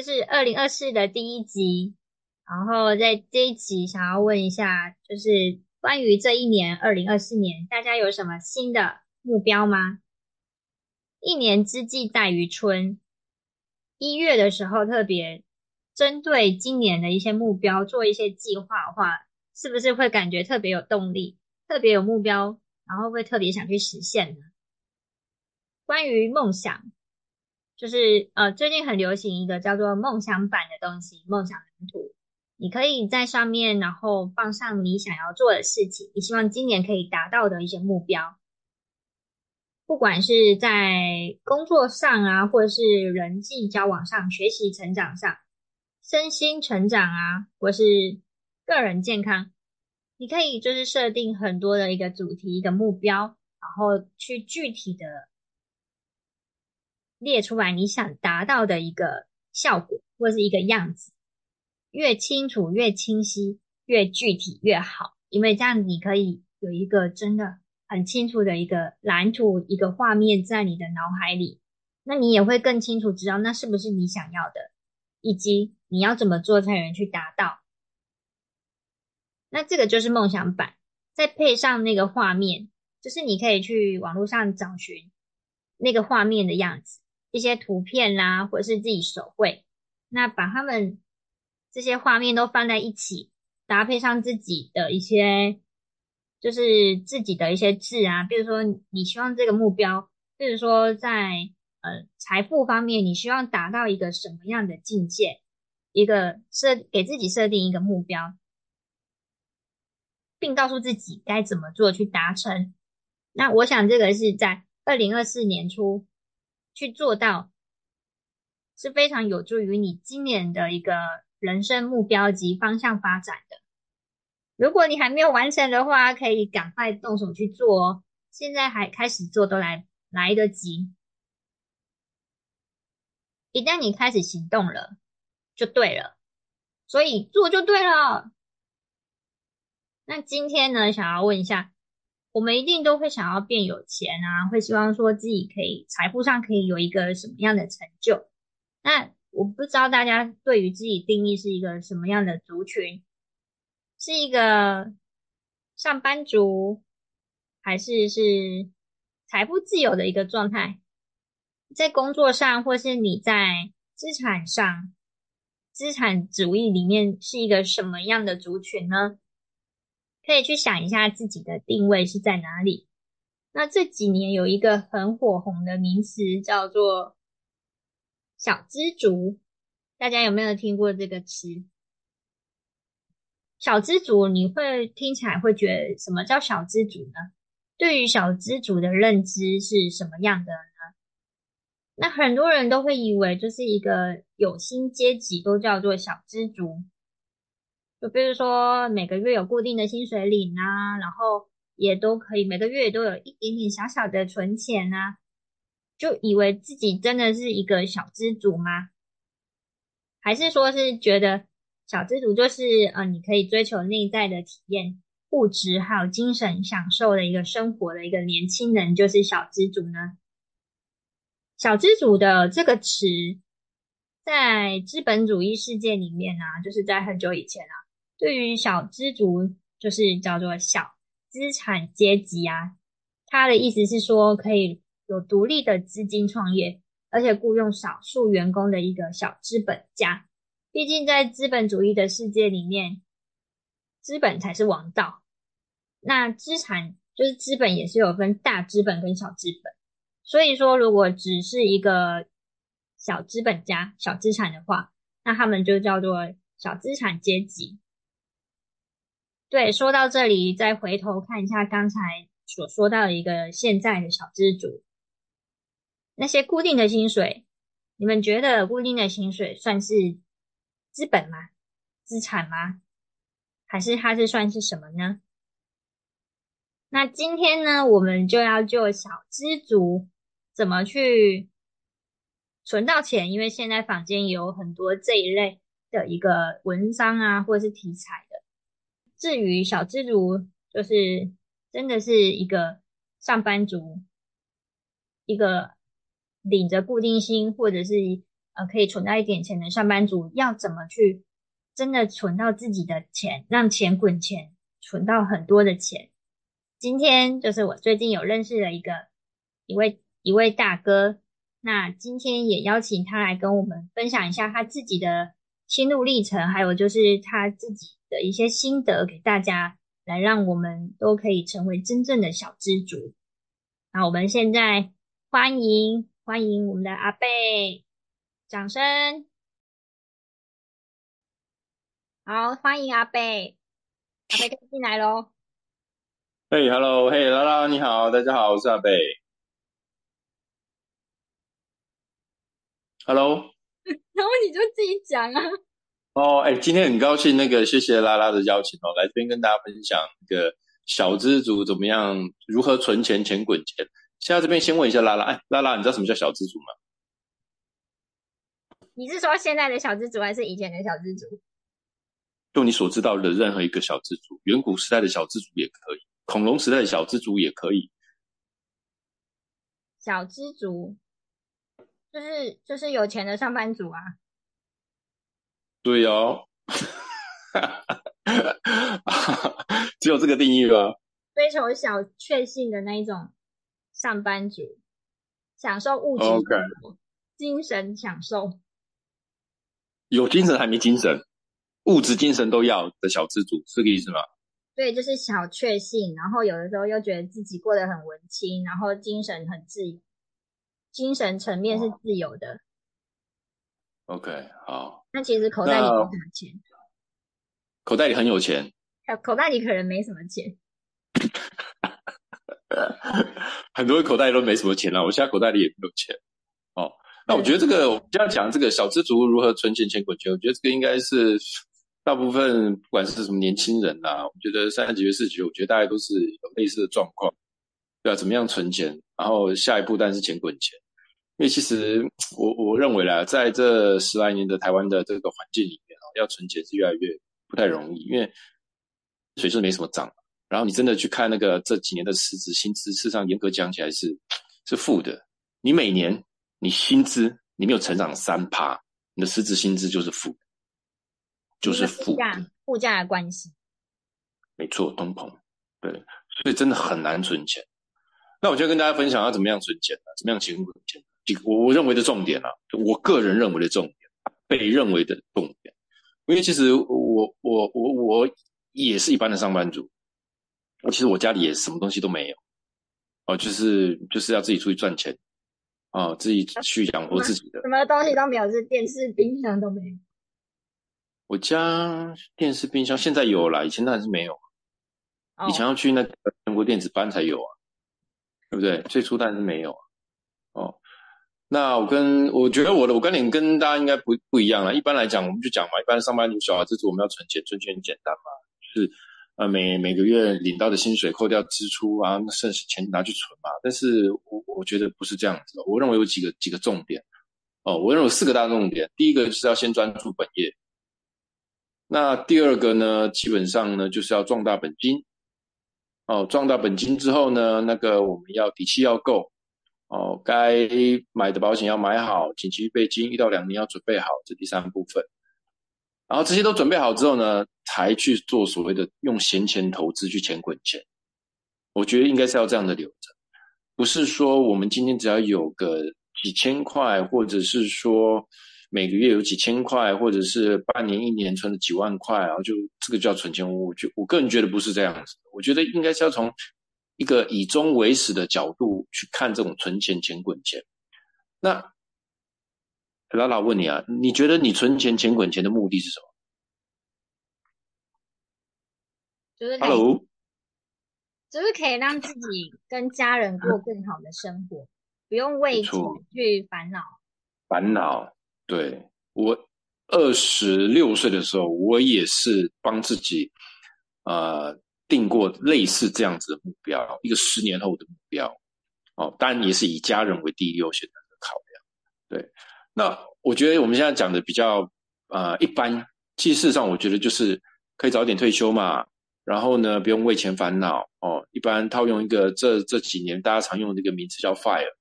這是二零二四的第一集，然後在這一集想要問一下，就是關於這一年二零二四年，大家有什麼新的目標嗎？一年之計在於春，一月的時候特別針對今年的一些目標做一些計劃的話，是不是會感覺特別有動力，特別有目標，然後會特別想去實現呢？關於夢想。就是呃，最近很流行一個叫做“夢想版”的東西，夢想藍圖。你可以在上面，然後放上你想要做的事情，你希望今年可以達到的一些目標。不管是在工作上啊，或者是人際交往上、學習成長上、身心成長啊，或是個人健康，你可以就是設定很多的一個主題、一個目標，然後去具體的。列出來你想達到的一個效果，或是一個樣子，越清楚越清晰，越具體越好。因為這樣你可以有一個真的很清楚的一個藍圖、一個畫面在你的腦海裡，那你也會更清楚知道那是不是你想要的，以及你要怎麼做才能去達到。那這個就是夢想版，再配上那個畫面，就是你可以去網絡上找尋那個畫面的樣子。一些圖片啦、啊，或者是自己手繪，那把他們這些畫面都放在一起，搭配上自己的一些，就是自己的一些字啊，比如說你希望這個目標，比如說在呃財富方面，你希望達到一個什麼樣的境界，一個設，給自己設定一個目標，並告訴自己該怎麼做去達成。那我想這個是在二零二四年初。去做到是非常有助於你今年的一個人生目標及方向發展的。如果你還沒有完成的話，可以趕快動手去做哦。現在還開始做都來來得及，一旦你開始行動了，就對了，所以做就對了。那今天呢，想要問一下。我們一定都會想要變有錢啊，會希望說自己可以財富上可以有一個什麼樣的成就。那我不知道大家對於自己定義是一個什麼樣的族群，是一個上班族，還是是財富自由的一個狀態，在工作上或是你在資產上，資產主義裡面是一個什麼樣的族群呢？可以去想一下自己的定位是在哪裡。那這幾年有一個很火紅的名詞叫做“小資族”，大家有沒有聽過這個詞？小資族你會聽起來會覺得什麼叫小資族呢？對於小資族的認知是什麼樣的呢？那很多人都會以為就是一個有薪階級都叫做小資族。就比如說每個月有固定的薪水領啊，然後也都可以每個月都有一點點小小的存錢啊，就以為自己真的是一個小資族嗎？還是說是覺得小資族就是呃，你可以追求內在的體驗、物質還有精神享受的一個生活的一個年輕人，就是小資族呢？小資族的這個詞在資本主義世界裡面呢，啊，就是在很久以前啊。對於小資族，就是叫做小資產階級啊。他的意思是說，可以有獨立的資金創業，而且僱傭少數員工的一個小資本家。畢竟在資本主義的世界裡面，資本才是王道。那資產就是資本，也是有分大資本跟小資本。所以說，如果只是一個小資本家、小資產的話，那他們就叫做小資產階級。對，說到這裡，再回頭看一下剛才所說到的一個現在的小資族，那些固定的薪水，你們覺得固定的薪水算是資本嗎？資產嗎？還是它是算是什麼呢？那今天呢，我們就要就小資族怎麼去存到錢，因為現在坊間有很多這一類的一個文章啊，或者是題材的。至於小資族，就是真的是一個上班族，一個領着固定薪，或者是呃可以存到一點錢的上班族，要怎麼去真的存到自己的錢，讓錢滾錢，存到很多的錢。今天就是我最近有認識了一個一位一位大哥，那今天也邀請他來跟我們分享一下他自己的心路歷程，還有就是他自己的一些心得，給大家來，讓我們都可以成為真正的小資族。那我們現在歡迎歡迎我們的阿北，掌聲。好，歡迎阿北，阿北可以進來嘍。嘿、hey，Hello，嘿，拉拉你好，大家好，我是阿北。Hello。 然後你就自己講啊。哦，哎、欸，今天很高興，那個謝謝拉拉的邀請哦、喔，來這邊跟大家分享一個小資族，怎麼樣，如何存錢、錢滾錢。現在這邊先問一下拉拉，哎、欸，拉拉，你知道什麼叫小資族嗎？你是說現在的小資族還是以前的小資族？就你所知道的任何一個小資族，遠古時代的小資族也可以，恐龍時代的小資族也可以。小資族。就是就是有錢的上班族啊，對哦。 只有這個定義吧。追求小確幸的那一種上班族，享受物質，精神享受，Okay. 有精神還沒精神，物質精神都要的小資族，是個意思嗎？對，就是小確幸，然後有的時候又覺得自己過得很文青，然後精神很自由。精神層面是自由的。Oh. OK，好、oh.。那其實口袋裡有什麼錢，口袋裡很有錢。口袋裡可能沒什麼錢。 很多口袋裡都沒什麼錢了、啊，我現在口袋裡也沒有錢。哦、oh.，那我覺得這個對我們要講這個小資族如何存錢錢滾錢，我覺得這個應該是大部分不管是什麼年輕人啦、啊，我覺得三級、四級，我覺得大家都是有類似的狀況，對啊，怎麼樣存錢，然後下一步當然是錢滾錢。因為其實我我認為啦，在這十來年的台灣的這個環境裡面啊、哦，要存錢是越來越不太容易，因為薪水沒什麼漲，然後你真的去看那個這幾年的實質薪資，事實上嚴格講起來是是負的。你每年你薪資你沒有成長三趴，你的實質薪資就是負，就是負價物價的關係。沒錯，通膨。對，所以真的很難存錢。那我就跟大家分享要、啊、怎麼樣存錢呢、啊？怎麼樣節存錢、啊？我我認為的重點啊，我個人認為的重點啊，被認為的重點。因為其實我我我我也是一般的上班族，其實我家裡也什麼東西都沒有，哦，就是就是要自己出去賺錢，哦，自己去養活自己的什。什麼東西都沒有，是電視冰箱都沒有。我家電視冰箱現在有了，以前當然是沒有。Oh. 以前要去那個全國電子班才有啊，對不對？最初當然是沒有啊，哦。那我跟我覺得我的我觀點跟大家應該不不一樣了。一般來講，我們就講嘛，一般上班族小孩，這次我們要存錢，存錢很簡單嘛，就是呃每每個月領到的薪水扣掉支出啊，那剩下錢拿去存嘛。但是我我覺得不是這樣子的，我認為有幾個幾個重點哦，我認為有四個大重點。第一個就是要先專注本業，那第二個呢，基本上呢就是要壯大本金哦，壯大本金之後呢，那個我們要底氣要夠。哦，該買的保險要買好，緊急預備金一到兩年要準備好，這第三部分。然後這些都準備好之後呢，才去做所謂的用閒錢投資去錢滾錢。我覺得應該是要這樣的留着，不是說我們今天只要有個幾千塊，或者是說每個月有幾千塊，或者是半年一年存了幾萬塊，然後就這個叫存錢屋。就我個人覺得不是這樣子，我覺得應該是要從。一個以終為始的角度去看這種存錢、錢滾錢。那拉拉問你啊，你覺得你存錢、錢滾錢的目的是什麼？就是，Hello，就是可以讓自己跟家人過更好的生活，嗯、不用為錢去煩惱。煩惱，對。我二十六歲的時候，我也是幫自己，啊、呃。定過類似這樣子的目標，一個十年後的目標，哦，當然也是以家人為第一優先的考量。對，那我覺得我們現在講的比較，呃，一般，其實事實上我覺得就是可以早點退休嘛，然後呢，不用為錢煩惱哦。一般套用一個這這幾年大家常用的一個名詞叫 “fire”，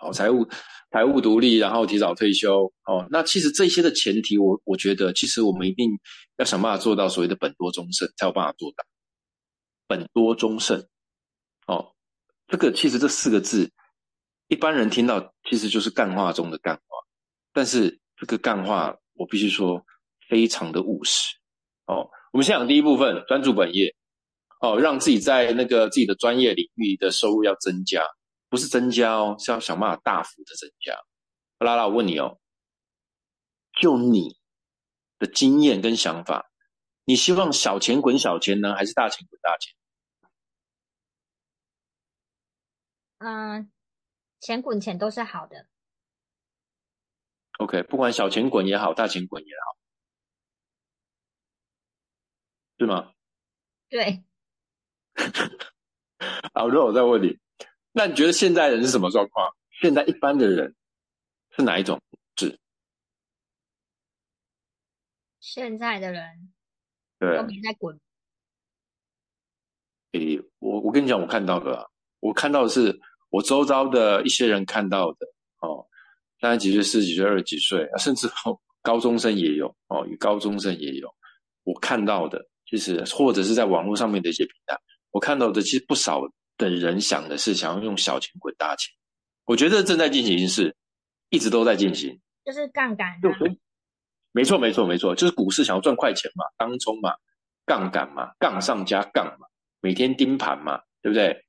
哦，財務財務獨立，然後提早退休哦。那其實這些的前提我，我我覺得其實我們一定要想辦法做到所謂的“本多終勝”，才有辦法做到。本多終勝，哦，這個其實這四個字，一般人聽到其實就是幹話中的幹話，但是這個幹話我必須說非常的務實，哦，我們先講第一部分，專注本業，哦，讓自己在那個自己的專業領域的收入要增加，不是增加哦，是要想辦法大幅的增加。啊，拉拉，我問你哦，就你的經驗跟想法，你希望小錢滾小錢呢，還是大錢滾大錢？嗯，呃，錢滾錢都是好的。OK，不管小錢滾也好，大錢滾也好，是嗎？對。 好，那我再問你，那你覺得現在人是什麼狀況？現在一般的人是哪一種？是現在的人，都在滾。誒、欸，我我跟你講，我看到的，啊，我看到的是。我周遭的一些人看到的哦，三十幾歲、四十幾歲、二十幾歲、啊，甚至高中生也有哦，有高中生也有。我看到的就是，或者是在網絡上面的一些平台，我看到的其實不少的人想的是想要用小錢滾大錢。我覺得正在進行式，一直都在進行，就是槓桿。對，沒錯，沒錯，沒錯，就是股市想要賺快錢嘛，當沖嘛，槓桿嘛，槓上加槓嘛，每天盯盤嘛，對不對？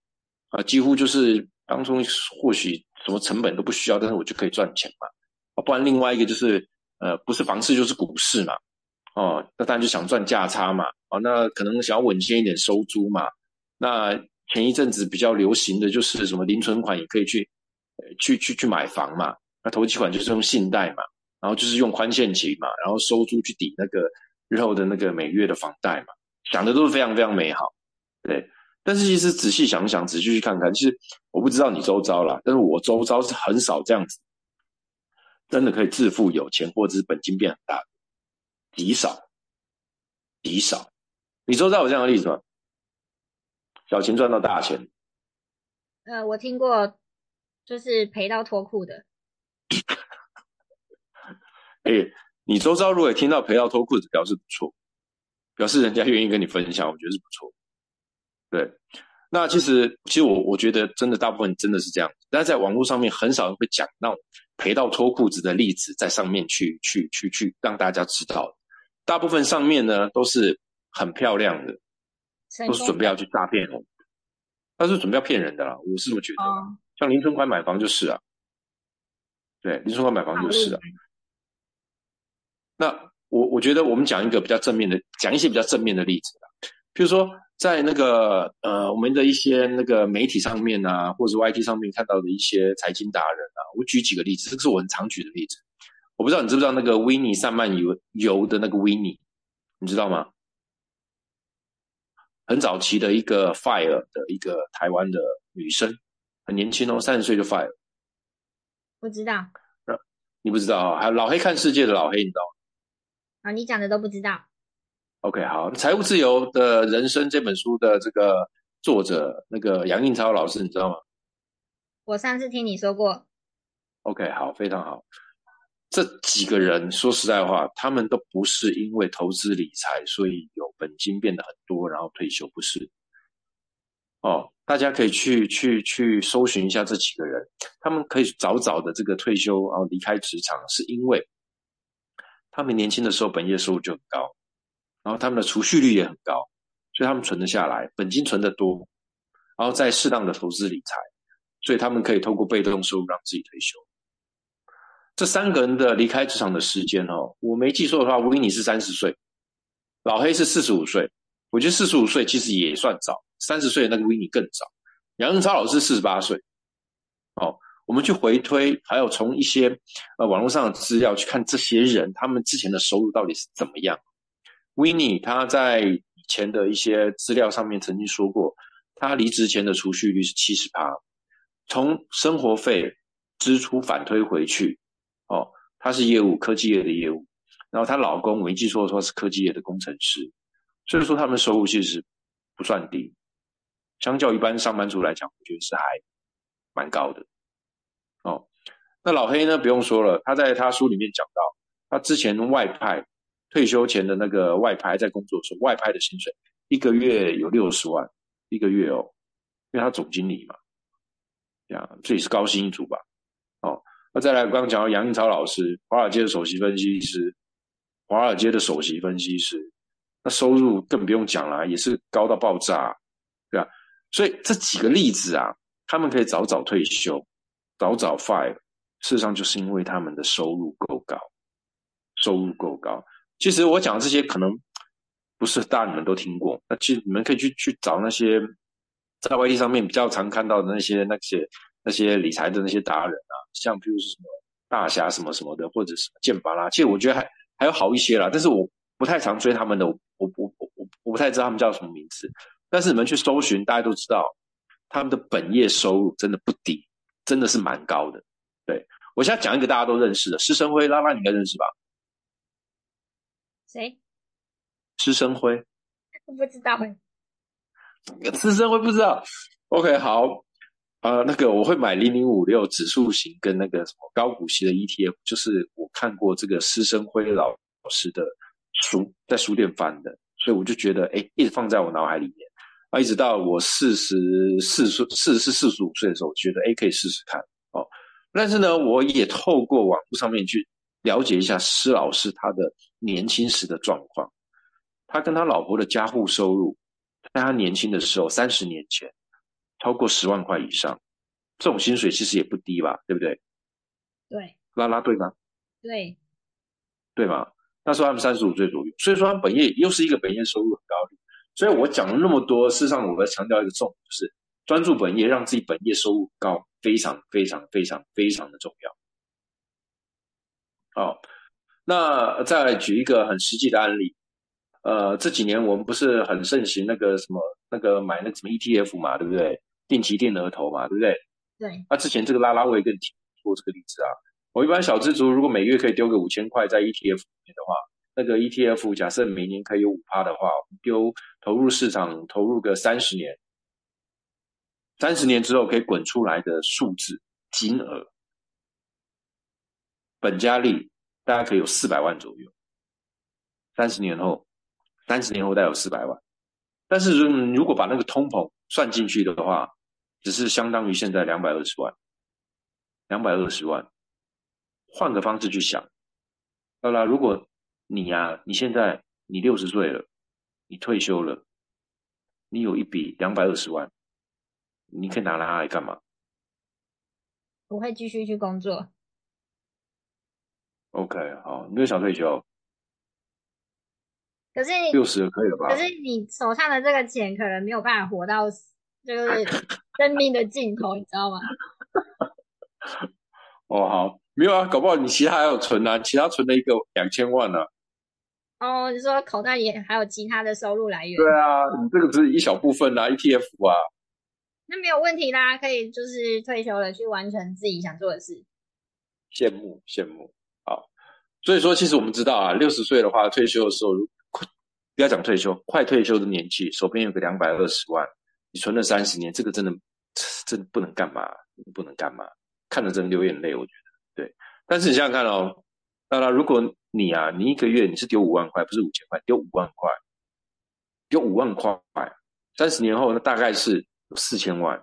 啊，幾乎就是。當中或許什麼成本都不需要，但是我就可以賺錢嘛？不然另外一個就是，呃，不是房市就是股市嘛，哦，那當然就想賺價差嘛，啊、哦，那可能想要穩健一點收租嘛，那前一陣子比較流行的就是什麼零存款也可以去，呃、去去去買房嘛，那頭期款就是用信貸嘛，然後就是用寬限期嘛，然後收租去抵那個日後的那個每月的房貸嘛，想的都是非常非常美好，對。但是其實仔細想想，仔細去看看，其實我不知道你周遭啦，但是我周遭是很少這樣子，真的可以致富有錢，或者是本金變很大的，極少，極少。你周遭有這樣的例子嗎？小錢賺到大錢？呃，我聽過，就是賠到脫褲的。哎、 欸，你周遭如果聽到賠到脫褲子，表示不錯，表示人家願意跟你分享，我覺得是不錯。對，那其實，其實我我覺得，真的大部分真的是這樣。但是在網絡上面，很少人會講那種賠到脫褲子的例子在上面去，去，去，去讓大家知道。大部分上面呢，都是很漂亮的，都是準備要去詐騙人的，但是準備要騙人的啦。我是這麼覺得。哦、像林春款買房就是啊，對，林春款買房就是啊。嗯、那我我覺得，我們講一個比較正面的，講一些比較正面的例子。比如說，在那個呃，我們的一些那個媒體上面啊，或者是 YT 上面看到的一些財經達人啊，我舉幾個例子，這個是我很常舉的例子。我不知道你知不知道那個維尼散漫遊遊的那個維尼，你知道嗎？很早期的一個 fire 的一個台灣的女生，很年輕哦，三十歲就 fire。不知道。你不知道啊？還有老黑看世界的老黑，你知道嗎？啊、哦，你講的都不知道。OK，好，《財務自由的人生》這本書的這個作者，那個楊應超老師，你知道嗎？我上次聽你說過。OK，好，非常好。這幾個人說實在話，他們都不是因為投資理財，所以有本金變得很多，然後退休不是。哦，大家可以去去去搜尋一下這幾個人，他們可以早早的這個退休，然後離開職場，是因為他們年輕的時候本業收入就很高。然後他們的儲蓄率也很高，所以他們存得下來，本金存得多，然後再適當的投資理財，所以他們可以透過被動收入讓自己退休。這三個人的離開職場的時間哦，我沒記錯的話，Winnie 是三十歲，老黑是四十五歲，我覺得四十五歲其實也算早，三十歲的那個 Winnie 更早。楊正超老師四十八歲，哦，我們去回推，還有從一些呃網絡上的資料去看這些人他們之前的收入到底是怎麼樣。維尼他在以前的一些資料上面曾經說過，他離職前的儲蓄率是七十趴，從生活費支出反推回去，哦，他是業務科技業的業務，然後她老公我一記錯了說是科技業的工程師，所以說他們收入其實不算低，相較一般上班族來講，我覺得是還蠻高的，哦，那老黑呢，不用說了，他在他書裡面講到他之前外派。退休前的那個外派在工作的時候，外派的薪水一個月有六十萬，一個月哦，因為他總經理嘛，這樣，這也是高薪一族吧？哦，那再來，我剛剛講到楊應超老師，華爾街的首席分析師，華爾街的首席分析師，那收入更不用講了啊，也是高到爆炸，對吧？所以這幾個例子啊，他們可以早早退休，早早 FIRE，事實上就是因為他們的收入夠高，收入夠高。其實我講的這些可能不是大家你們都聽過，那其實你們可以去去找那些在外地上面比較常看到的那些那些那些理財的那些達人啊，像比如是什麼大俠什麼什麼的，或者什麼劍巴啦，其實我覺得還還有好一些啦，但是我不太常追他們的，我我我我我不太知道他們叫什麼名字，但是你們去搜尋，大家都知道他們的本業收入真的不低，真的是蠻高的。對，我現在講一個大家都認識的施昇輝拉拉，你應該認識吧？誰？師生輝，不知道哎。師生輝不知道師生輝不知道。OK，好。呃，那個我會買零零五六指數型跟那個什麼高股息的 ETF，就是我看過這個師生輝老老師的書，在書店翻的，所以我就覺得哎，一直放在我腦海裡面。啊，一直到我四十四歲、四十四、四十五歲的時候，我覺得哎，可以試試看哦。但是呢，我也透過網絡上面去。了解一下施老師他的年輕時的狀況，他跟他老婆的家戶收入，在他年輕的時候，三十年前超過十萬塊以上，這種薪水其實也不低吧，對不對？對，拉拉，對嗎？對，對嗎？那時候他們三十五歲左右，所以說他本業又是一個本業收入很高的，所以我講了那麼多，事實上我們要強調一個重點，就是專注本業，讓自己本業收入高，非常非常非常非常的重要。好、哦，那再舉一個很實際的案例，呃，這幾年我們不是很盛行那個什麼那個買那個什麼 ETF 嘛，對不對？定期定額投嘛，對不對？對。那、啊、之前這個拉拉我也跟你提過這個例子啊。我一般小資族如果每個月可以丟個五千塊在 ETF 裡面的話，那個 ETF 假設每年可以有五趴的話，我們丟投入市場投入個三十年，三十年之後可以滾出來的數字金額。本加利，大概可以有四百萬左右。三十年後，三十年後，大概有四百萬。但是，如果把那個通膨算進去的話，只是相當於現在兩百二十萬。兩百二十萬，換個方式去想，好啦，如果你呀、啊，你現在你六十歲了，你退休了，你有一筆兩百二十萬，你可以拿來來幹嘛？我會繼續去工作。OK，好，你就想退休？可是六十可以了吧？可是你手上的這個錢可能沒有辦法活到，就是生命的盡頭， 你知道嗎？哦，好，沒有啊，搞不好你其他還有存啊，其他存了一個兩千萬呢、啊。哦，你說口袋裡還有其他的收入來源？對啊，你這個只是一小部分啦、啊哦、，ETF 啊。那沒有問題啦，可以就是退休了去完成自己想做的事。羨慕，羨慕。所以說，其實我們知道啊，六十歲的話退休的時候如果，不要講退休，快退休的年紀，手邊有個兩百二十萬，你存了三十年，這個真的，真的不能幹嘛，不能幹嘛，看着真的流眼淚，我覺得，對。但是你想想看哦，當然，如果你啊，你一個月你是丟五萬塊，不是五千塊，丟五萬塊，丟五萬塊，三十年後那大概是有四千萬，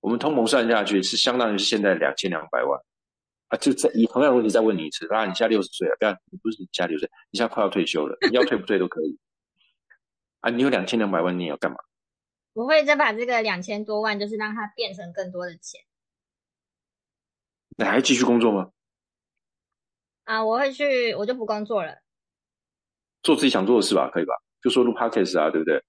我們通膨算下去是相當於是現在兩千兩百萬。啊，就在以同樣的問題再問你一次啊！你現在六十歲了，不要，你不是你家六歲，你現在快要退休了，你要退不退都可以啊！你有兩千兩百萬，你要幹嘛？我會，再把這個兩千多萬，就是讓它變成更多的錢。你還繼續工作嗎？啊，我會去，我就不工作了，做自己想做的事吧，可以吧？就說錄 podcast 啊，對不對？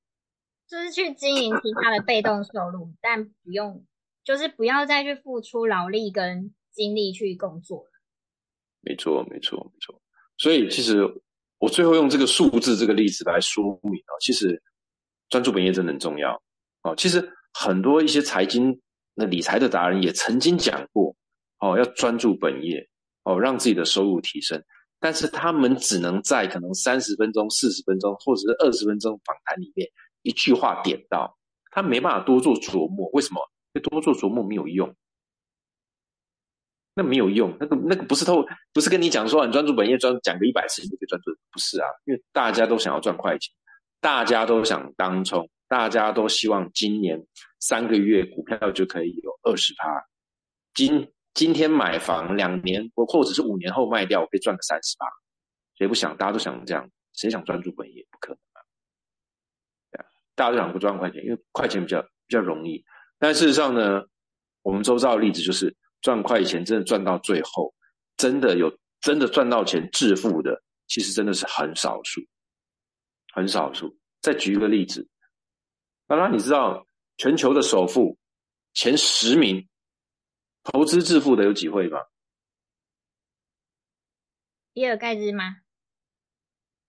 就是去經營其他的被動收入， 但不用，就是不要再去付出勞力跟。精力去工作，沒錯，沒錯，沒錯。所以，其實我最後用這個數字這個例子來說明啊，其實專注本業真的很重要哦。其實很多一些財經理財的達人也曾經講過哦，要專注本業哦，讓自己的收入提升。但是他們只能在可能三十分鐘、四十分鐘或者是二十分鐘訪談裡面一句話點到，他沒辦法多做琢磨。為什麼？因為多做琢磨沒有用。那沒有用，那個那個不是透，不是跟你講說你專注本業，專講個一百次你就可以專注。不是啊，因為大家都想要賺快錢，大家都想當沖，大家都希望今年三個月股票就可以有二十趴。今今天買房兩年或者是五年後賣掉，我可以賺個三十趴，誰不想？大家都想這樣，誰想專注本業？不可能啊！大家都想不賺快錢，因為快錢比較比較容易。但事實上呢，我們周遭的例子就是。賺快錢，真的賺到最後，真的有真的賺到錢致富的，其實真的是很少數，很少數。再舉一個例子，那、啊、你知道全球的首富前十名，投資致富的有幾位嗎？比爾蓋茨嗎？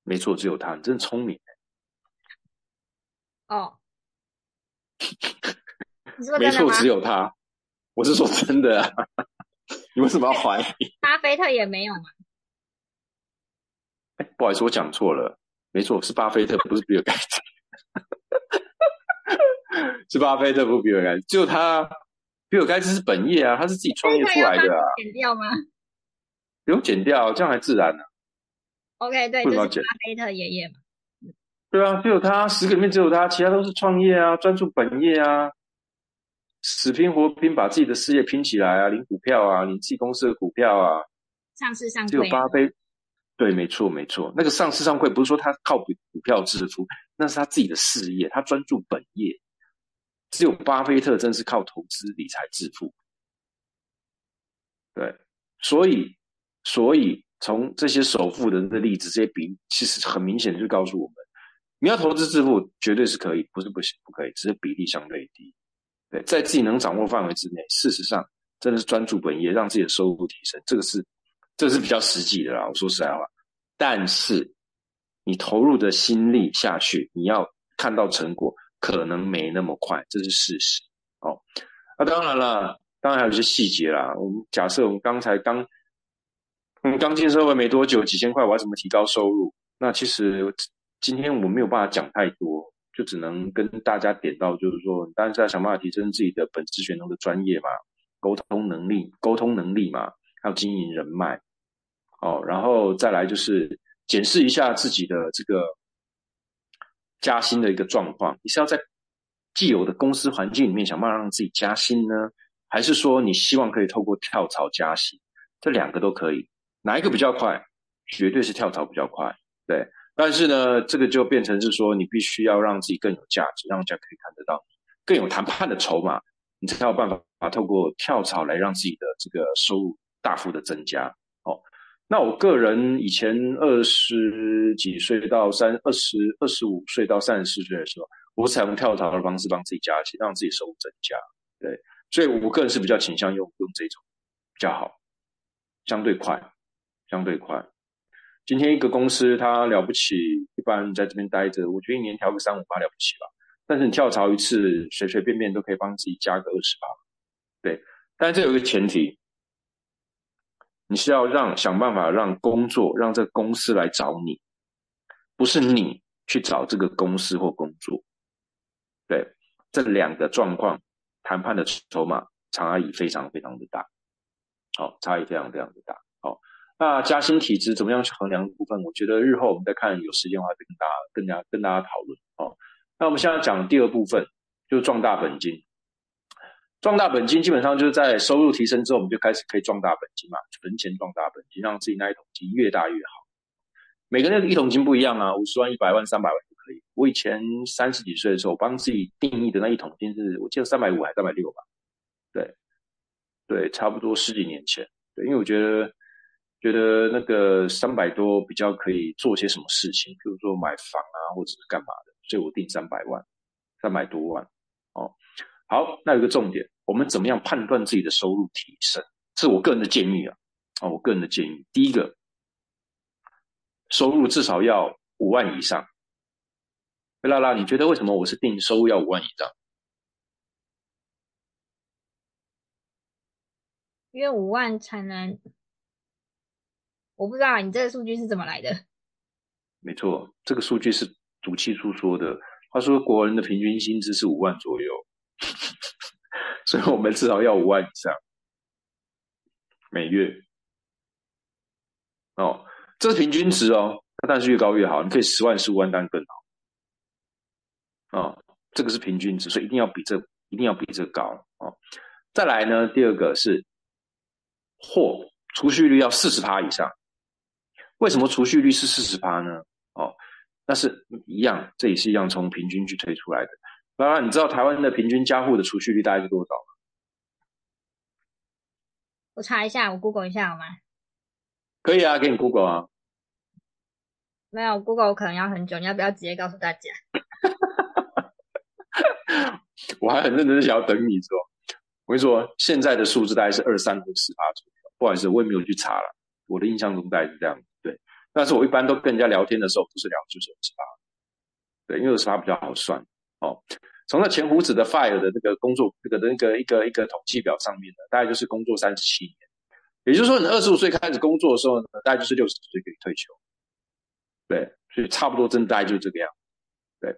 沒錯，只有他，你真的聰明。哦， 沒錯，只有他。我是說真的，啊，你為什麼要懷疑？巴菲特也沒有嗎？欸、不好意思，我講錯了。沒錯，是巴菲特， 不是比爾蓋茨。 是巴菲特，不是比爾蓋茨，只有他。比爾蓋茨是本業啊，他是自己創業出來的啊。剪掉嗎？不用剪掉，這樣還自然呢、啊。OK，對，就是巴菲特爺爺嘛。對啊，只有他，十個裡面只有他，其他都是創業啊，專注本業啊。死拼活拼，把自己的事業拼起來啊！領股票啊，領自己公司的股票啊，上市上櫃只有巴菲特，對，沒錯沒錯。那個上市上櫃不是說他靠股票致富，那是他自己的事業，他專注本業。只有巴菲特真是靠投資理財致富。對，所以所以從這些首富人的那個例子，這些比其實很明顯就告訴我們，你要投資致富絕對是可以，不是不行不可以，只是比例相對低。在自己能掌握範圍之內，事實上真的是專注本業，讓自己的收入不提升，這個是，這個是比較實際的啦。我說實在話，但是你投入的心力下去，你要看到成果，可能沒那麼快，這是事實哦。那，啊，當然了，當然還有一些細節啦。我們假設我們剛才剛，我們剛進社會沒多久，幾千塊，我要怎麼提高收入？那其實今天我沒有辦法講太多。就只能跟大家點到，就是說，當然是要想辦法提升自己的本職學能的專業嘛，溝通能力，溝通能力嘛，還有經營人脈。哦，然後再來就是檢視一下自己的這個加薪的一個狀況，你是要在既有的公司環境裡面想辦法讓自己加薪呢，還是說你希望可以透過跳槽加薪？這兩個都可以，哪一個比較快？絕對是跳槽比較快，對。但是呢，這個就變成是說，你必須要讓自己更有價值，讓人家可以看得到，更有談判的籌碼，你才有辦法透過跳槽來讓自己的這個收入大幅的增加。哦，那我個人以前二十幾歲到三二十二十五歲到三十四歲的時候，我採用跳槽的方式幫自己加薪，讓自己收入增加。對，所以我個人是比較傾向用用這種，比較好，相對快，相對快。今天一個公司，他了不起，一般在這邊待着，我覺得一年調個三五趴了不起吧，但是你跳槽一次，隨隨便便都可以幫自己加個二十趴。對，但這有一個前提，你是要讓想辦法讓工作讓這個公司來找你，不是你去找這個公司或工作。對，這兩個狀況談判的籌碼差異非常非常的大，好，差異非常非常的大。哦那加薪體質怎麼樣去衡量的部分，我覺得日後我們再看，有時間的話再跟、跟大家、跟大家討論哦。那我們現在講第二部分，就是壯大本金。壯大本金基本上就是在收入提升之後，我們就開始可以壯大本金嘛，存錢壯大本金，讓自己那一桶金越大越好。每個人的一桶金不一樣啊，五十萬、一百萬、三百萬都可以。我以前三十幾歲的時候，我幫自己定義的那一桶金是我記得三百五還是三百六吧？對，對，差不多十幾年前。對，因為我覺得。覺得那個三百多比較可以做些什麼事情，比如說買房啊，或者是幹嘛的，所以我定三百萬，三百多萬，哦，好，那有個重點，我們怎麼樣判斷自己的收入提升？是我個人的建議啊，啊、哦，我個人的建議，第一個，收入至少要五萬以上。拉拉，你覺得為什麼我是定收入要五萬以上？因為五萬才能。我不知道你這個數據是怎麼來的。沒錯，這個數據是主計處說的。他說，國人的平均薪資是五萬左右， 所以我們至少要五萬以上每月。哦，這是平均值哦，它，但是越高越好，你可以十萬、十五萬當然更好。啊、哦，這個是平均值，所以一定要比這，一定要比這高啊、哦。再來呢，第二個是，貨儲蓄率要四十趴以上。為什麼儲蓄率是四十趴呢？哦，但是一樣，這也是一樣，從平均去推出來的。當然，你知道台灣的平均加戶的儲蓄率大概是多少嗎？我查一下，我 Google 一下好嗎？可以啊，給你 Google 啊。沒有 Google，我可能要很久。你要不要直接告訴大家？ 我還很認真想要等你說。我跟你說，現在的數字大概是二三五、四趴左右。不好意思，我也沒有去查了。我的印象中大概是這樣。但是我一般都跟人家聊天的時候，不是聊就是二十八，對，因為二十八比較好算。哦，從那前鬍子的 fire 的那個工作，這個那個一個一個統計表上面呢，大概就是工作三十七年，也就是說，你二十五歲開始工作的時候呢，大概就是六十歲可以退休，對，所以差不多真的大概就這個樣，對。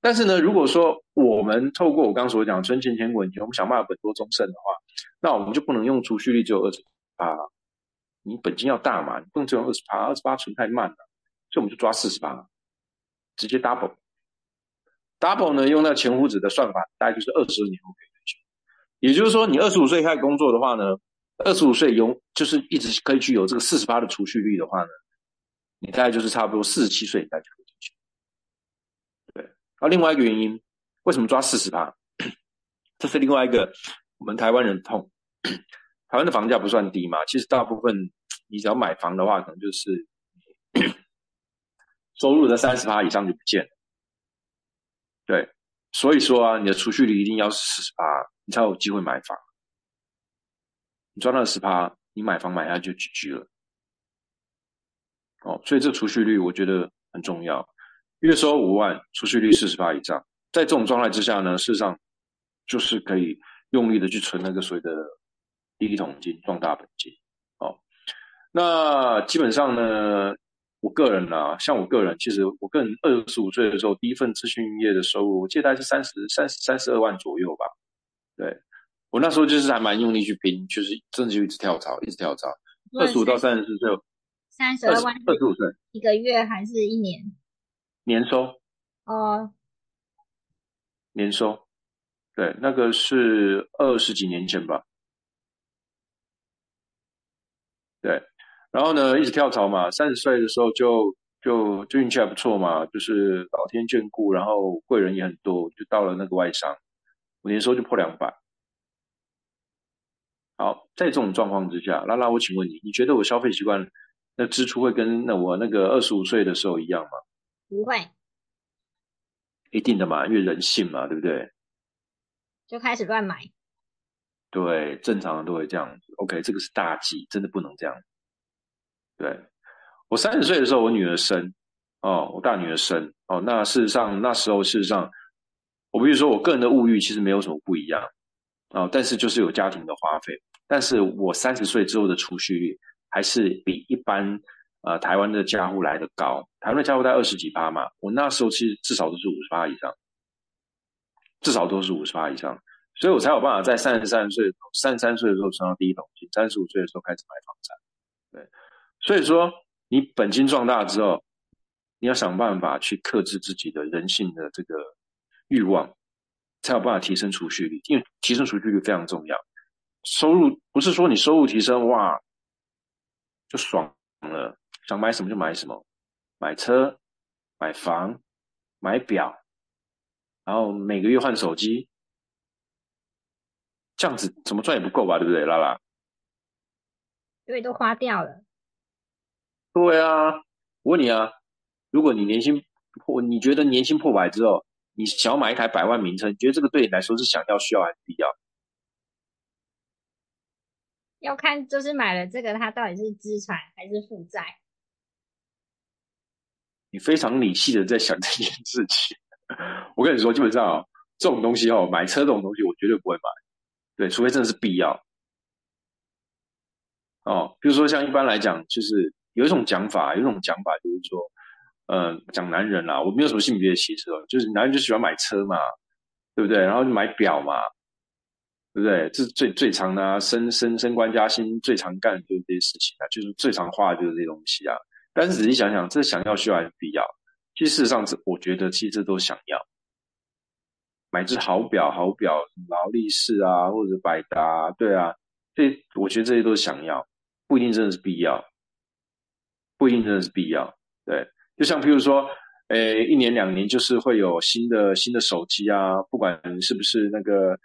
但是呢，如果說我們透過我剛剛所講存錢、錢滾錢，我們想辦法本多終勝的話，那我們就不能用儲蓄率就二十啊。你本金要大嘛，你不能只有二十趴，二十趴存太慢了，所以我們就抓四十趴，直接 double，double 呢用到錢鬍子的算法，大概就是二十年後可以退休，也就是說你二十五歲開始工作的話呢，二十五歲有就是一直可以具有這個四十趴的儲蓄率的話呢，你大概就是差不多四十七歲以後就可以退休。對，而另外一個原因，為什麼抓四十趴？這是另外一個我們台灣人痛。臺灣的房價不算低嘛？其實大部分你只要買房的話，可能就是 收入的三十趴以上就不見了。對，所以說啊，你的儲蓄率一定要是四十趴，你才有機會買房。你賺到十趴，你買房買下去就 GG 了。哦，所以這儲蓄率我覺得很重要。月收五萬，儲蓄率四十趴以上，在這種狀態之下呢，事實上就是可以用力的去存那個所謂的。第一桶金，壯大本金，哦，那基本上呢，我個人啊，像我個人，其實我個人二十五歲的時候，第一份資訊業的收入，我記得大概是三十三三十二萬左右吧，對，我那時候就是還蠻用力去拼，就是甚至於一直跳槽，一直跳槽，二十五到三十四歲，三十二萬，二十五歲，一個月還是一年？年收哦，年收，對，那個是二十幾年前吧。對，然後呢，一直跳槽嘛，三十歲的時候就就就運氣還不錯嘛，就是老天眷顧，然後貴人也很多，就到了那個外商，我年收就破兩百。好，在這種狀況之下，拉拉，我請問你，你覺得我消費習慣，那支出會跟那我那個二十五歲的時候一樣嗎？不會，一定的嘛，因為人性嘛，對不對？就開始亂買。對，正常的都會這樣子。OK，這個是大忌，真的不能這樣。對。我三十歲的時候，我女兒生哦，我大女兒生哦。那事實上，那時候事實上，我比如說，我個人的物欲其實沒有什麼不一樣哦，但是就是有家庭的花費。但是我三十歲之後的儲蓄率還是比一般呃台灣的家戶來得高。台灣的家戶在二十幾趴嘛，我那時候其實至少都是五十趴以上，至少都是五十趴以上。所以我才有辦法在三十三歲、三十三歲的時候存到第一桶金，三十五歲的時候開始買房產。對，所以說你本金壯大之後，你要想辦法去克制自己的人性的這個慾望，才有辦法提升儲蓄率。因為提升儲蓄率非常重要。收入不是說你收入提升哇就爽了，想買什麼就買什麼，買車、買房、買錶，然後每個月換手機。這樣子怎麼賺也不夠吧，對不對，拉拉？對，都花掉了。對啊，我問你啊，如果你年薪破，你覺得年薪破百，百之後，你想要買一台百萬名車，你覺得這個對你來說是想要、需要還是必要？要看，就是買了這個，它到底是資產還是負債？你非常理性的在想這件事情。 我跟你說，基本上哦，這種東西哦，買車這種東西，我絕對不會買。對，除非真的是必要哦。比如說，像一般來講，就是有一種講法，有一種講法，就是說，嗯、呃，講男人啦、啊，我沒有什麼性別的歧視哦，就是男人就喜歡買車嘛，對不對？然後就買表嘛，對不對？這是最最常的升升升官加薪最常幹的就是這些事情啊，就是最常花的就是這些東西啊。但是仔細想想，這想要需要還是必要？其實事實上，我覺得其實這都想要。買隻好表，好表，勞力士啊，或者百達、啊，對啊，這我覺得這些都是想要，不一定真的是必要，不一定真的是必要，對，就像譬如說，呃、欸，一年兩年就是會有新的新的手機啊，不管是不是那個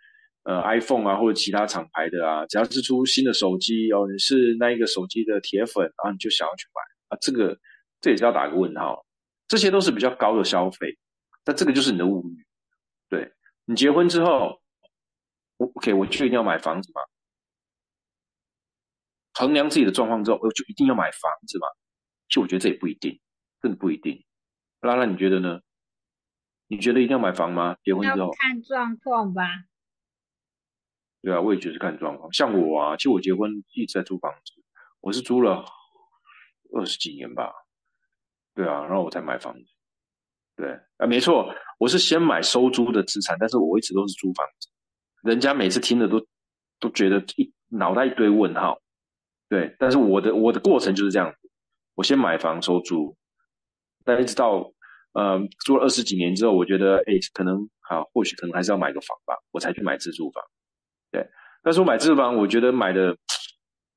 呃 iPhone 啊或者其他廠牌的啊，只要是出新的手機，哦，你是那一個手機的鐵粉，然、啊、後你就想要去買啊，這個這也是要打個問號，這些都是比較高的消費，那這個就是你的物欲，對。你結婚之後，我 OK，我就一定要買房子嗎？衡量自己的狀況之後，我就一定要買房子嗎？其實我覺得這也不一定，真的不一定。拉拉，你覺得呢？你覺得一定要買房嗎？結婚之後要看狀況吧。對啊，我也覺得是看狀況。像我啊，其實我結婚一直在租房子，我是租了二十幾年吧。對啊，然後我才買房子。對啊，沒錯，我是先買收租的資產，但是我一直都是租房子，人家每次聽的都都覺得一腦袋一堆問號。對，但是我的我的過程就是這樣子，我先買房收租，但一直到呃住了二十幾年之後，我覺得哎，可能啊，或許可能還是要買個房吧，我才去買自住房。對，但是我買自住房，我覺得買的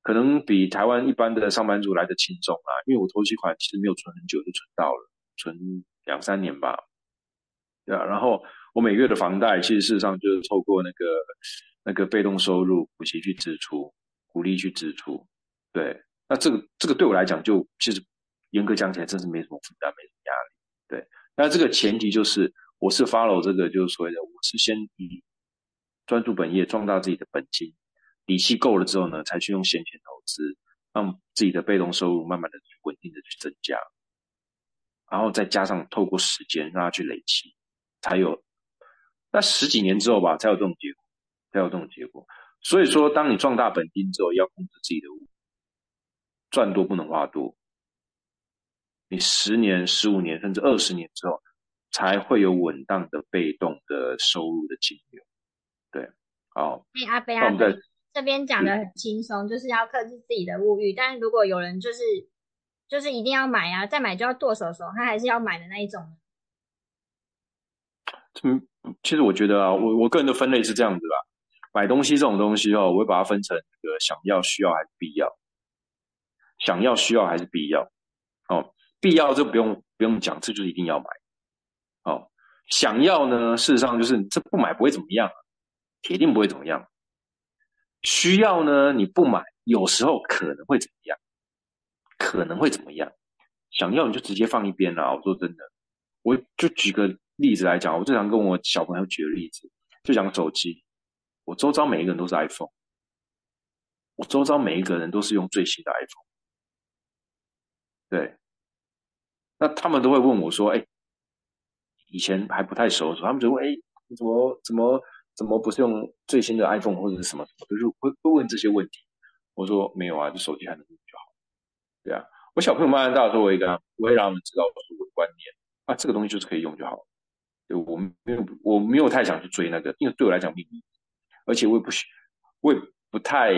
可能比台灣一般的上班族來得輕鬆啊，因為我頭期款其實沒有存很久就存到了，存。兩三年吧，對啊，然後我每月的房貸，其實事實上就是透過那個那個被動收入、股息去支出、股利去支出，對，那這個這個對我來講就，就其實嚴格講起來，真是沒什麼負擔、沒什麼壓力，對。那這個前提就是，我是 follow 這個，就是所謂的，我是先以專注本業，壯大自己的本金，底氣夠了之後呢，才去用閒錢投資，讓自己的被動收入慢慢的、穩定的去增加。然後再加上透過時間讓它去累積，才有那十幾年之後吧，才有這種結果，才有這種結果。所以說，當你壯大本金之後，要控制自己的物欲，賺多不能花多。你十年、十五年甚至二十年之後，才會有穩當的被動的收入的金流。對，好。那北、欸、阿北這邊講的很輕鬆，是就是要克制自己的物欲，但是如果有人就是。就是一定要買啊！再買就要剁手手，他還是要買的那一種。嗯，其實我覺得啊，我我個人的分類是這樣子吧。買東西這種東西哦，我會把它分成一個想要、需要還是必要。想要、需要還是必要？哦，必要就不用不用講，這就是一定要買。哦，想要呢，事實上就是這不買不會怎麼樣，鐵定不會怎麼樣。需要呢，你不買，有時候可能會怎麼樣？可能會怎麼樣？想要，你就直接放一邊啦、啊。我說真的，我就舉個例子來講。我最常跟我小朋友舉的例子，就講手機。我周遭每一個人都是 iPhone，我周遭每一個人都是用最新的 iPhone。對，那他們都會問我說：“哎，以前還不太熟的時候，他們就會問：‘哎，你怎麼怎麼怎麼不是用最新的 iPhone 或者是什麼？’我就是會會問這些問題。我說沒有啊，就手機還能。”對啊，我小朋友慢慢大了之後，我也會讓他們知道我說的觀念啊，這個東西就是可以用就好了。對，我們沒有，我沒有太想去追那個，因為對我來講沒意義。而且我也不，我也不太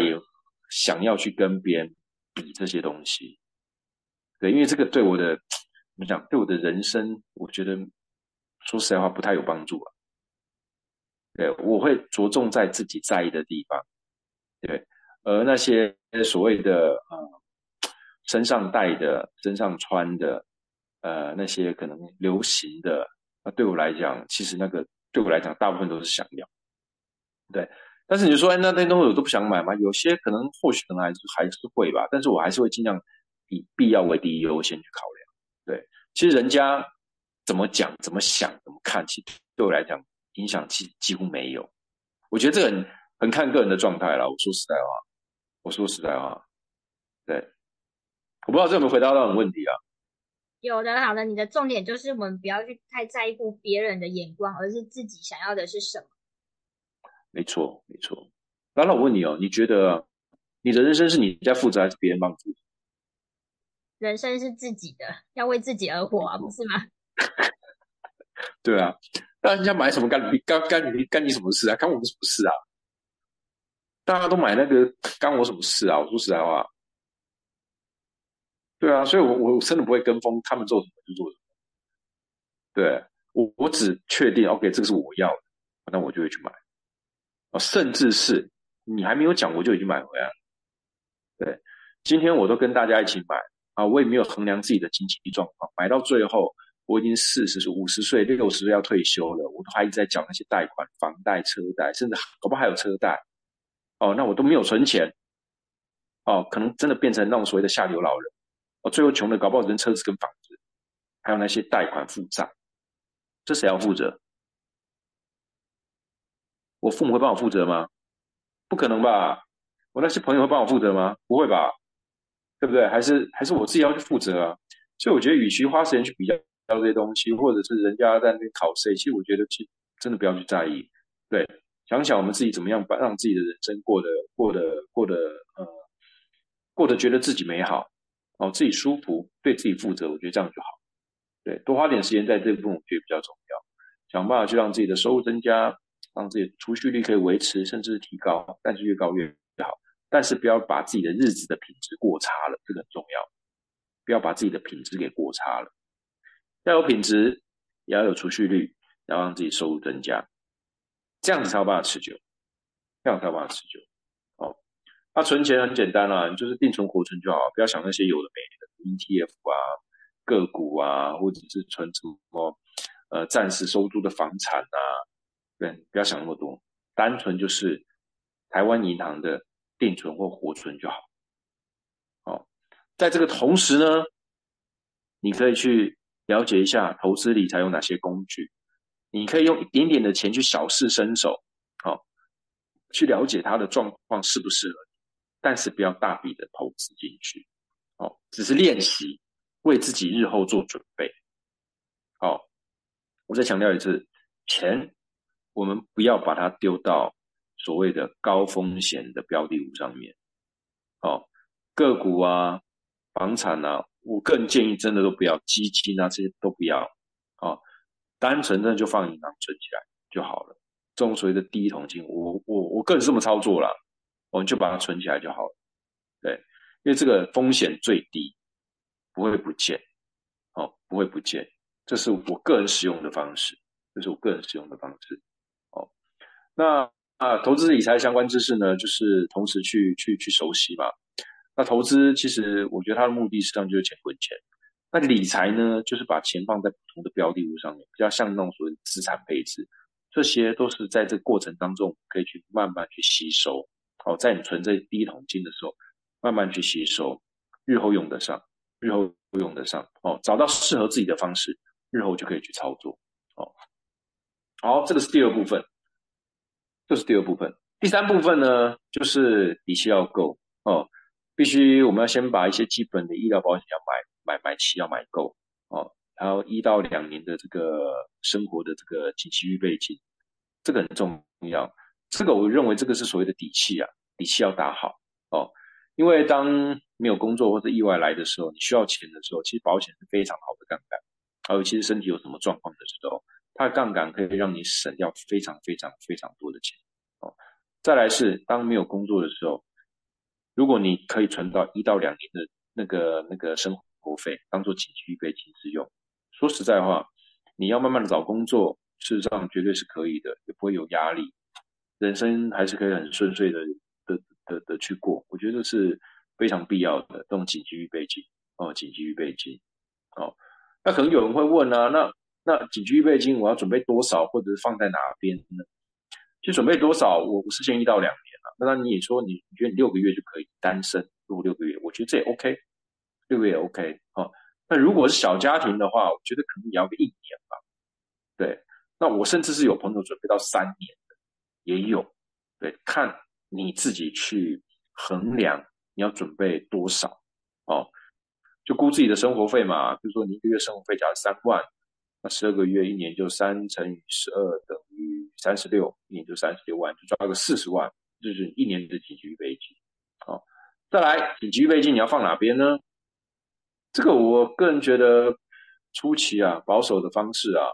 想要去跟別人比這些東西。對，因為這個對我的怎麼講？對我的人生，我覺得說實在話不太有幫助了、啊、對，我會着重在自己在意的地方。對，而、呃、那些所謂的啊。呃身上帶的、身上穿的，呃，那些可能流行的，那對我來講，其實那個對我來講，大部分都是想要。對，但是你說，哎，那那些東西我都不想買嗎？有些可能，或許可能還是還是會吧。但是我還是會盡量以必要為第一優先去考量。對，其實人家怎麼講、怎麼想、怎麼看，其實對我來講影響其實幾乎沒有。我覺得這個很很看個人的狀態啦。我說實在話，我說實在話，對。我不知道這有沒有回答到你的問題啊？有的，好的。你的重點就是我們不要去太在乎別人的眼光，而是自己想要的是什麼。沒錯，沒錯。那那我問你哦，你覺得你的人生是你在負責還是別人幫負責？人生是自己的，要為自己而活，沒錯，不是嗎？ 對啊，那人家買什麼干你干干你干你什麼事啊？干我什麼事啊？大家都買那個干我什麼事啊？我說實在話。對啊，所以我，我我真的不會跟風，他們做什麼就做什麼。對我，我只確定 OK，這個是我要的，那我就會去買。哦，甚至是你還沒有講，我就已經買回來了。對，今天我都跟大家一起買啊，我也沒有衡量自己的經濟狀況。買到最後，我已經四十歲、五十歲、六十歲要退休了，我都還一直在繳那些貸款、房貸、車貸，甚至搞不好還有車貸。哦，那我都沒有存錢。哦，可能真的變成那種所謂的下流老人。我最後窮的搞不好只剩車子跟房子，還有那些貸款負債，這誰要負責？我父母會幫我負責嗎？不可能吧？我那些朋友會幫我負責嗎？不會吧？對不對？還是還是我自己要去負責啊？所以我覺得，與其花時間去比較這些東西，或者是人家在那邊考試，其實我覺得其真的不要去在意。對，想想我們自己怎麼樣，把讓自己的人生過得過得過得呃，過得覺得自己美好。哦，自己舒服，對自己負責，我覺得這樣就好。對，多花點時間在這部分，我覺得比較重要。想辦法去讓自己的收入增加，讓自己儲蓄率可以維持，甚至是提高，但是越高越好。但是不要把自己的日子的品質過差了，這個很重要。不要把自己的品質給過差了，要有品質，也要有儲蓄率，然後讓自己收入增加，這樣子才有辦法持久，這樣才有辦法持久。他、啊、存錢很簡單啦、啊，你就是定存、活存就好，不要想那些有的沒的 ETF 啊、個股啊，或者是存什麼呃暫時收租的房產啊，對，不要想那麼多，單純就是台灣銀行的定存或活存就好。好、哦，在這個同時呢，你可以去了解一下投資理財有哪些工具，你可以用一點點的錢去小試身手，好、哦，去了解它的狀況適不適合。但是不要大筆的投資進去，哦，只是練習，為自己日後做準備，哦，我再強調一次，錢我們不要把它丟到所謂的高風險的標的物上面，哦，個股啊、房產啊，我個人建議真的都不要，基金啊這些都不要，哦，單純的就放銀行存起來就好了，這種所謂的第一桶金，我我我個人是這麼操作啦。我們就把它存起來就好了，對，因為這個風險最低，不會不見，哦，不會不見，這是我個人使用的方式，這是我個人使用的方式，哦，那啊投資理財相關知識呢，就是同時去去去熟悉吧。那投資其實我覺得它的目的實際上就是錢滾錢，那理財呢就是把錢放在不同的標的物上面，比較像那種所謂資產配置，這些都是在這個過程當中可以去慢慢去吸收。哦，在你存這第一桶金的時候，慢慢去吸收，日後用得上，日後用得上。哦，找到適合自己的方式，日後就可以去操作。哦，好，這個是第二部分，這是第二部分。第三部分呢，就是底氣要夠哦，必須我們要先把一些基本的醫療保險要買買買齊，買期要買夠哦，還有一到兩年的這個生活的這個緊急預備金，這個很重要。這個我認為這個是所謂的底氣啊，底氣要打好哦。因為當沒有工作或者意外來的時候，你需要錢的時候，其實保險是非常好的槓桿。還有其實身體有什麼狀況的時候，它的槓桿可以讓你省掉非常非常非常多的錢哦。再來是當沒有工作的時候，如果你可以存到一到兩年的那個那個生活費，當做緊急預備金之用。說實在話，你要慢慢的找工作，事實上絕對是可以的，也不會有壓力。人生還是可以很順遂的的的的的去過，我覺得這是非常必要的。這種緊急預備金哦，緊急預備金哦。那可能有人會問啊，那那緊急預備金我要準備多少，或者是放在哪邊呢？就、嗯、準備多少，我不是先一到兩年了、啊。那那你也說你你覺得你六個月就可以單身，如果六個月，我覺得這也 OK，六個月也 OK 啊、哦。那如果是小家庭的話，我覺得可能也要個一年吧。對，那我甚至是有朋友準備到三年。也有，對，看你自己去衡量，你要準備多少哦。就估自己的生活費嘛，比如說你一個月生活費假如三萬，那十二個月，一年就三乘以十二等於三十六，一年就三十六萬，就抓了個四十萬，就是一年的緊急預備金。哦，再來，緊急預備金你要放哪邊呢？這個我個人覺得初期啊，保守的方式啊，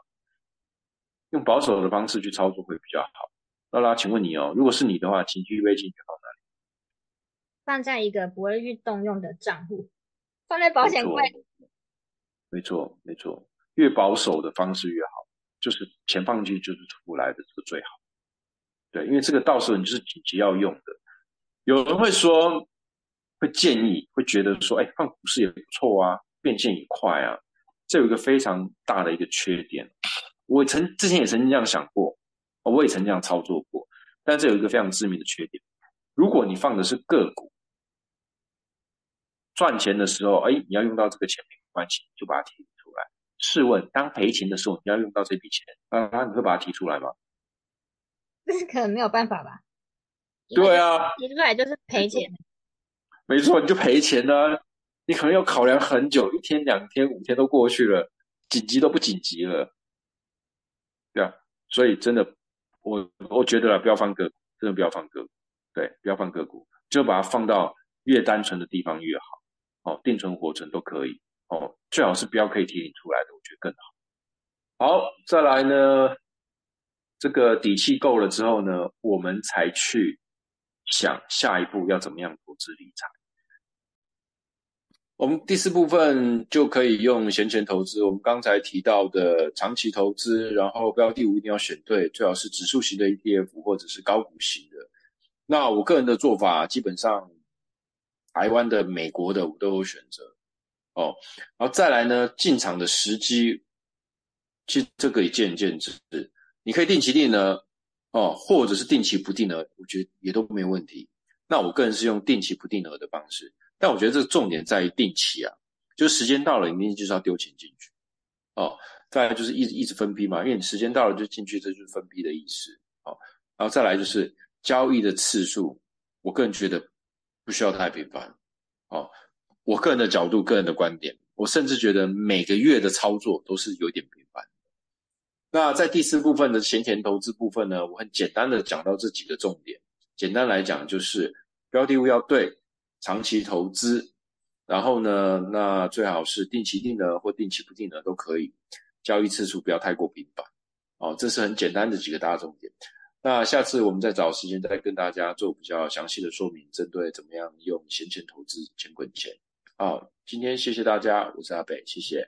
用保守的方式去操作會比較好。那啦，請問你哦，如果是你的話，請將預備金放哪裡？放在一個不會去動用的賬戶，放在保險櫃沒錯。裡沒錯，沒錯，越保守的方式越好，就是錢放進去就是出不來的，這個最好。對，因為這個到時候你就是緊急要用的。有人會說，會建議，會覺得說，哎，放股市也不錯啊，變現也快啊。這有一個非常大的一個缺點，我曾之前也曾經這樣想過。我也曾這樣操作過，但這有一個非常致命的缺點：如果你放的是個股，賺錢的時候，哎，你要用到這個錢沒關係，你就把它提出來。試問，當賠錢的時候，你要用到這筆錢，那、啊、你會把它提出來嗎？這是可能沒有辦法吧。對啊，提出來就是賠錢。沒錯，你就賠錢呢、啊。你可能要考量很久，一天、兩天、五天都過去了，緊急都不緊急了。對啊，所以真的。我我覺得啦，不要放個股，真的不要放個股，對，不要放個股，就把它放到越單純的地方越好，哦，定存活存都可以，哦，最好是標可以提醒出來的，我覺得更好。好，再來呢，這個底氣夠了之後呢，我們才去想下一步要怎麼樣投資理財。我們第四部分就可以用閒錢投資。我們剛才提到的長期投資，然後標的物一定要選對，最好是指數型的 ETF 或者是高股息的。那我個人的做法，基本上台灣的、美國的我都有選擇哦。然後再來呢，進場的時機，其實這個也見仁見智，你可以定期定額，哦，或者是定期不定額，我覺得也都沒問題。那我個人是用定期不定額的方式。但我覺得這個重點在於定期啊，就時間到了，你一定就是要丟錢進去，哦，再來就是一直一直分批嘛，因為你時間到了就進去，這就是分批的意思，好、哦，然後再來就是交易的次數，我個人覺得不需要太頻繁，哦，我個人的角度，個人的觀點，我甚至覺得每個月的操作都是有點頻繁。那在第四部分的閒錢投資部分呢，我很簡單的講到這幾個重點，簡單來講就是標的物要對。長期投資，然後呢，那最好是定期定額、或定期不定額都可以，交易次數不要太過頻繁。哦，這是很簡單的幾個大重點。那下次我們再找時間再來跟大家做比較詳細的說明，針對怎麼樣用閒錢投資錢滾錢。好，今天謝謝大家，我是阿北，謝謝，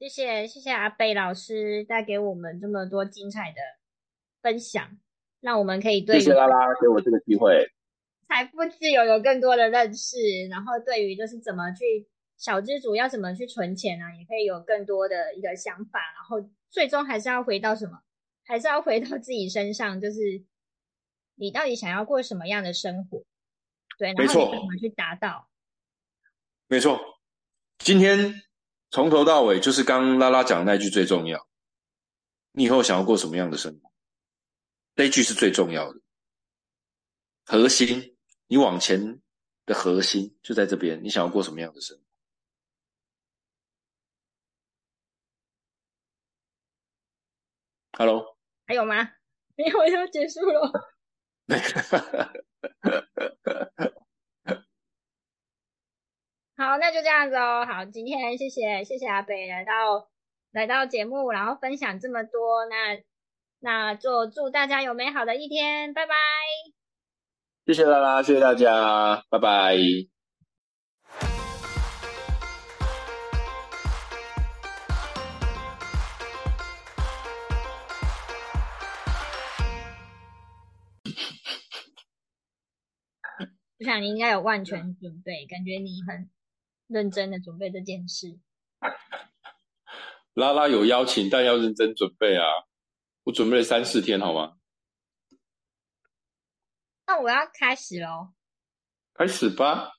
謝謝。謝謝謝謝阿北老師帶給我們這麼多精彩的分享，讓我們可以對謝謝拉拉給我這個機會。財富自由有更多的認識，然後對於就是怎麼去小資族，要怎麼去存錢啊，也可以有更多的一個想法。然後最終還是要回到什麼？還是要回到自己身上，就是你到底想要過什麼樣的生活？對，沒錯。那你怎麼去達到？沒錯。今天從頭到尾就是剛拉拉講的那一句最重要。你以後想要過什麼樣的生活？那句是最重要的核心。你往前的核心就在這邊，你想要過什麼樣的生活？Hello，還有嗎？沒有，就結束了。好，那就這樣子哦。好，今天謝謝謝謝阿北來到來到節目，然後分享這麼多，那那就祝大家有美好的一天，拜拜。謝謝啦啦，謝謝大家，拜拜。我想你應該有萬全準備，感覺你很認真的準備這件事。啦啦有邀請，但要認真準備啊！我準備了三四天，好嗎？那我要開始咯，開始吧。